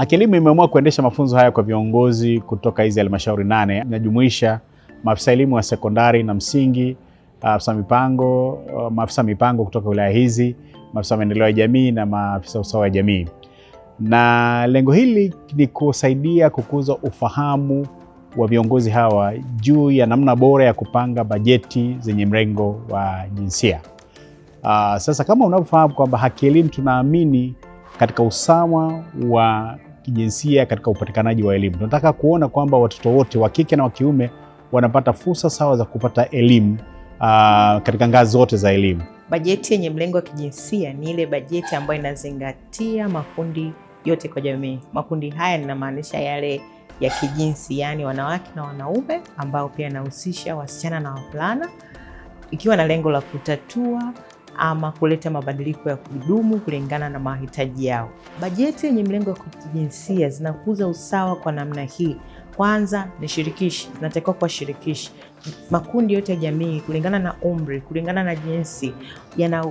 Hakielimu imeamua kuendesha mafunzo haya kwa viongozi kutoka hizi halmashauri nane, inajumuisha maafisa elimu wa sekondari na msingi, afisa mipango, maafisa mipango kutoka wilaya hizi, maafisa maendeleo ya jamii na maafisa usawa wa jamii, na lengo hili ni kusaidia kukuza ufahamu wa viongozi hawa juu ya namna bora ya kupanga bajeti zenye mrengo wa jinsia. Uh, sasa kama unavyofahamu kwamba Haki Elimu tunaamini katika usawa wa kijinsia katika upatikanaji wa elimu. Tunataka kuona kwamba watoto wote wa kike na wa kiume wanapata fursa sawa za kupata elimu uh, katika ngazi zote za elimu. Bajeti yenye mlengo wa kijinsia ni ile bajeti ambayo inazingatia makundi yote kwa jamii. Makundi haya ninamaanisha yale ya kijinsi, yaani wanawake na wanaume, ambao pia yanahusisha wasichana na wavulana, ikiwa na lengo la kutatua ama kuleta mabadiliko ya kudumu kulingana na mahitaji yao. Bajeti yenye mlengo wa kijinsia zinakuza usawa kwa namna hii. Kwanza ni shirikishi, zinatakiwa kuwa shirikishi, makundi yote ya jamii kulingana na umri, kulingana na jinsi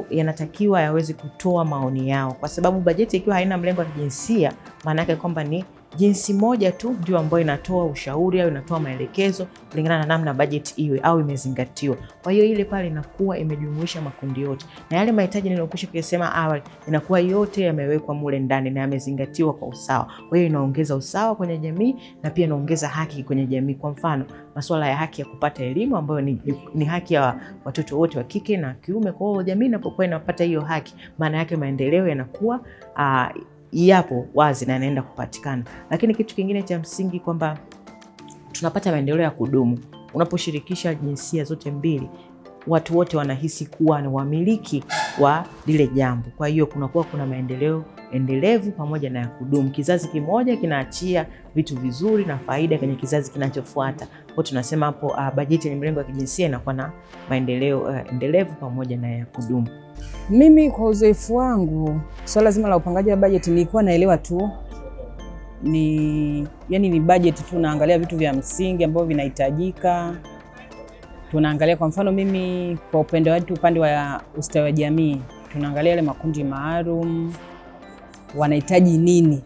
yanatakiwa yaweze kutoa maoni yao, kwa sababu bajeti ikiwa haina mlengo wa kijinsia, maana yake kwamba ni jinsi moja tu ndio ambayo inatoa ushauri au inatoa maelekezo kulingana na namna bajeti iwe au imezingatiwa. Kwa hiyo ile pale inakuwa imejumuisha makundi yote na yale mahitaji niliyokwisha kusema awali, inakuwa yote yamewekwa mule ndani na yamezingatiwa kwa usawa. Kwa hiyo inaongeza usawa kwenye jamii na pia inaongeza haki kwenye jamii. Kwa mfano, masuala ya haki ya kupata elimu ambayo ni, ni haki ya watoto wote wa kike na kiume. Kwa hiyo jamii inapokuwa inapata hiyo haki, maana yake maendeleo yanakuwa uh, yapo wazi na yanaenda kupatikana. Lakini kitu kingine cha msingi kwamba tunapata maendeleo ya kudumu unaposhirikisha jinsia zote mbili, watu wote wanahisi kuwa ni wamiliki wa lile jambo. Kwa hiyo kunakuwa kuna maendeleo endelevu pamoja na ya kudumu. Kizazi kimoja kinaachia vitu vizuri na faida kwenye kizazi kinachofuata. Kwa tunasema hapo uh, bajeti yenye mlengo wa kijinsia inakuwa na maendeleo uh, endelevu pamoja na ya kudumu. Mimi kwa uzoefu wangu swala so zima la upangaji wa bajeti nilikuwa naelewa tu ni yani, ni bajeti tu, naangalia vitu vya msingi ambavyo vinahitajika tunaangalia kwa mfano, mimi kwa upande wetu, upande wa ustawi wa jamii, tunaangalia yale makundi maalum wanahitaji nini.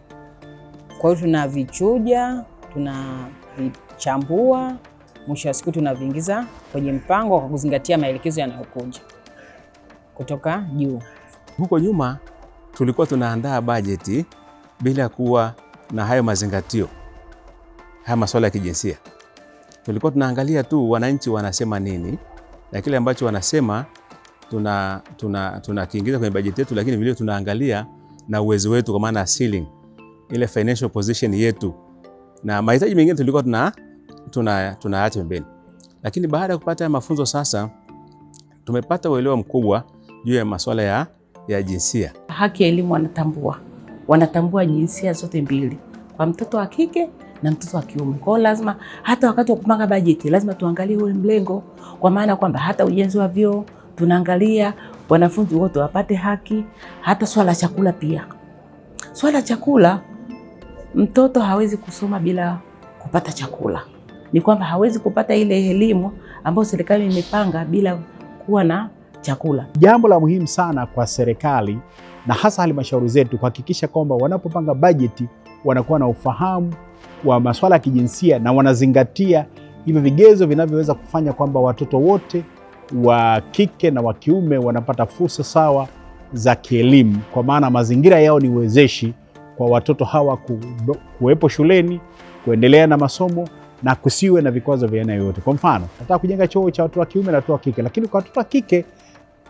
Kwa hiyo tunavichuja, tunavichambua, mwisho wa siku tunaviingiza kwenye mpango kwa kuzingatia maelekezo yanayokuja kutoka juu. Huko nyuma tulikuwa tunaandaa bajeti bila kuwa na hayo mazingatio, haya masuala ya kijinsia tulikuwa tunaangalia tu wananchi wanasema nini na kile ambacho wanasema tuna tuna tunakiingiza kwenye bajeti yetu, lakini vile tunaangalia na uwezo wetu, kwa maana ceiling, ile financial position yetu, na mahitaji mengine tulikuwa tuna tuna tunaacha pembeni. Lakini baada ya kupata mafunzo sasa, tumepata uelewa mkubwa juu ya masuala ya, ya jinsia. Haki ya elimu wanatambua, wanatambua jinsia zote mbili, kwa mtoto wa kike na mtoto wa kiume. Kwa hiyo lazima hata wakati wa kupanga bajeti lazima tuangalie ule mlengo, kwa maana kwamba hata ujenzi wa vyoo tunaangalia wanafunzi wote wapate haki, hata swala la chakula pia. Swala chakula, mtoto hawezi kusoma bila kupata chakula. Ni kwamba hawezi kupata ile elimu ambayo serikali imepanga bila kuwa na chakula. Jambo la muhimu sana kwa serikali na hasa halmashauri zetu kuhakikisha kwamba wanapopanga bajeti wanakuwa na ufahamu wa masuala ya kijinsia na wanazingatia hivyo vigezo vinavyoweza kufanya kwamba watoto wote wa kike na wa kiume wanapata fursa sawa za kielimu, kwa maana mazingira yao ni wezeshi kwa watoto hawa kuwepo shuleni, kuendelea na masomo na kusiwe na vikwazo vya aina yoyote. Kwa mfano, nataka kujenga choo cha watoto wa kiume na watoto wa kike, lakini kwa watoto wa kike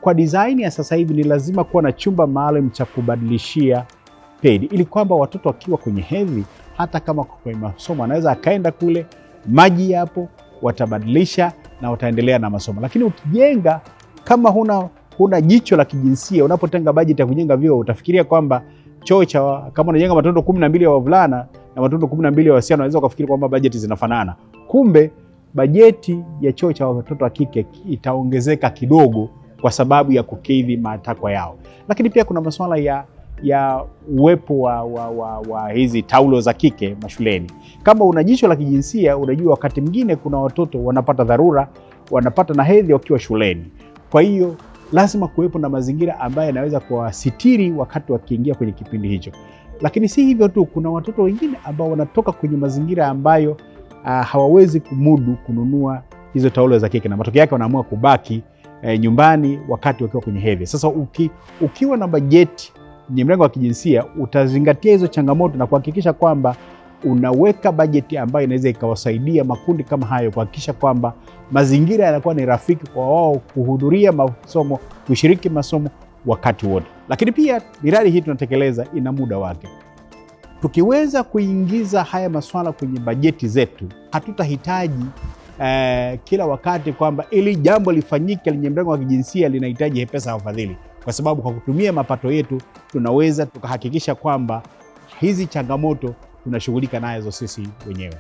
kwa design ya sasa hivi ni lazima kuwa na chumba maalum cha kubadilishia pedi, ili kwamba watoto wakiwa kwenye hedhi hata kama kwenye masomo anaweza akaenda kule, maji yapo, watabadilisha na wataendelea na masomo. Lakini ukijenga kama huna huna jicho la kijinsia, unapotenga bajeti ya kujenga vyoo, utafikiria kwamba choo cha kama unajenga watoto kumi na mbili ya wavulana na watoto kumi na mbili ya wasichana, unaweza ukafikiri kwamba bajeti zinafanana, kumbe bajeti ya choo cha watoto wa kike itaongezeka kidogo kwa sababu ya kukidhi matakwa yao. Lakini pia kuna masuala ya ya uwepo wa, wa, wa, wa hizi taulo za kike mashuleni. Kama una jicho la kijinsia, unajua wakati mwingine kuna watoto wanapata dharura, wanapata na hedhi wakiwa shuleni. Kwa hiyo lazima kuwepo na mazingira ambayo yanaweza kuwasitiri wakati wakiingia kwenye kipindi hicho. Lakini si hivyo tu, kuna watoto wengine ambao wanatoka kwenye mazingira ambayo uh, hawawezi kumudu kununua hizo taulo za kike na matokeo yake wanaamua kubaki eh, nyumbani wakati wakiwa kwenye hedhi. Sasa uki, ukiwa na bajeti ni mrengo wa kijinsia utazingatia hizo changamoto na kuhakikisha kwamba unaweka bajeti ambayo inaweza ikawasaidia makundi kama hayo kuhakikisha kwamba mazingira yanakuwa ni rafiki kwa wao kuhudhuria masomo, kushiriki masomo wakati wote. Lakini pia miradi hii tunatekeleza ina muda wake. Tukiweza kuingiza haya masuala kwenye bajeti zetu, hatutahitaji eh, kila wakati kwamba ili jambo lifanyike lenye mrengo wa kijinsia linahitaji pesa ya ufadhili kwa sababu kwa kutumia mapato yetu tunaweza tukahakikisha kwamba hizi changamoto tunashughulika nazo sisi wenyewe.